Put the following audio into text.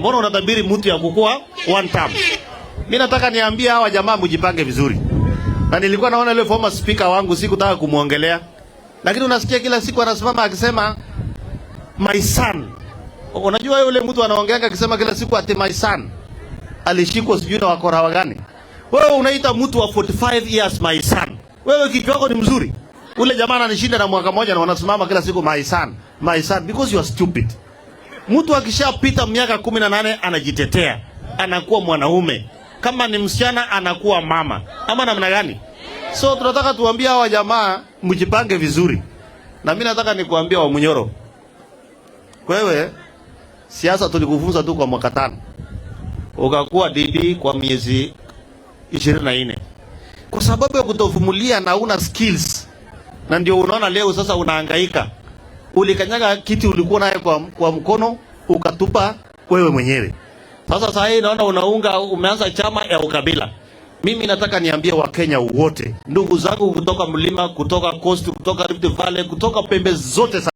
Mbona unatabiri mtu ya kukua one term? Mimi nataka niambie hawa jamaa mjipange vizuri. Na nilikuwa naona yule former speaker wangu sikutaka kumuongelea. Lakini unasikia kila siku anasimama akisema my son. Unajua yule mtu anaongea akisema kila siku ati my son. Alishikwa sijui na wakora gani? Wewe unaita mtu wa 45 years my son. Wewe kichwa chako ni mzuri. Ule jamaa ananishinda na mwaka mmoja na wanasimama kila siku my son, my son because you are stupid. Mtu akishapita miaka kumi na nane anajitetea, anakuwa mwanaume. Kama ni msichana anakuwa mama, ama namna gani? So tunataka tuambie hawa jamaa mjipange vizuri, na mimi nataka nikuambia wa Munyoro, wewe siasa tulikufunza tu kwa mwaka tano, ukakuwa DD kwa miezi ishirini na nne kwa sababu ya kutovumulia na una skills, na ndio unaona leo sasa unahangaika. Ulikanyaga kiti ulikuwa naye kwa, kwa mkono ukatupa wewe mwenyewe. Sasa sasa hii naona unaunga umeanza chama ya ukabila. Mimi nataka niambie Wakenya wote, ndugu zangu kutoka mlima, kutoka coast, kutoka Rift Valley, kutoka pembe zote.